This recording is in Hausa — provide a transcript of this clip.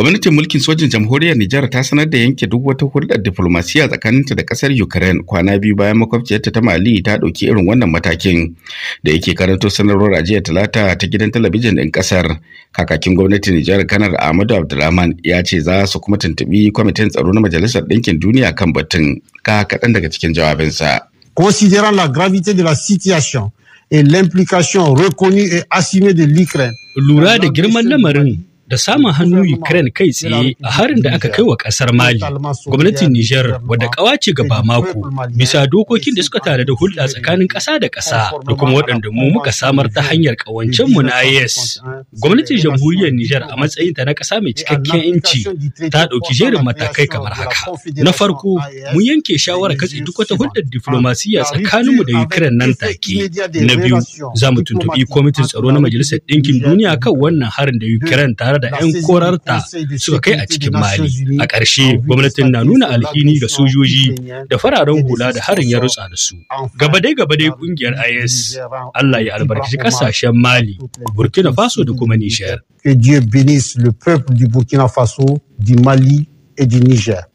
Gwamnatin mulkin sojin jamhuriyar Nijar ta sanar da yanke duk wata hulɗar diflomasiyya tsakaninta da kasar Ukraine kwana biyu bayan makwabciyarta ta Mali ta ɗauki irin wannan matakin da yake karanto sanarwar ajiyar Talata ta gidan talabijin ɗin ƙasar. Kakakin gwamnatin Nijar Kanar Ahmadu Abdulrahman ya ce za su kuma tuntuɓi kwamitin tsaro na Majalisar Ɗinkin Duniya kan batun ka kaɗan daga cikin jawabinsa. Considérant la gravité de la situation et l'implication reconnue et assumée de l'Ukraine. Lura da girman lamarin da samun hannu Ukraine kai tsaye a harin da aka kai wa ƙasar Mali. Gwamnatin Nijar wadda ce gaba mako bisa dokokin da suka tare da hulɗa tsakanin ƙasa da ƙasa da kuma waɗanda mu muka samar ta hanyar ƙawancenmu na IS. Gwamnatin Jamhuriyar Nijar a matsayinta na ƙasa mai cikakken inci ta ɗauki jerin matakai kamar haka. Na farko mun yanke shawarar katse duk wata hulɗar diflomasiyya tsakaninmu da Ukraine nan take. Na biyu za mu tuntuɓi kwamitin tsaro na Majalisar Ɗinkin Duniya kan wannan harin da Ukraine tare da 'yan korarta suka kai a cikin Mali. A ƙarshe, gwamnatin na nuna alhini ga sojoji da fararen hula da harin ya rutsa da su. Gabadai-gabadai ƙungiyar IS, Allah ya albarkaci ƙasashen Mali, Burkina Faso da kuma Nijar. Que Dieu bénisse le peuple du Burkina Faso, du Mali et du Niger.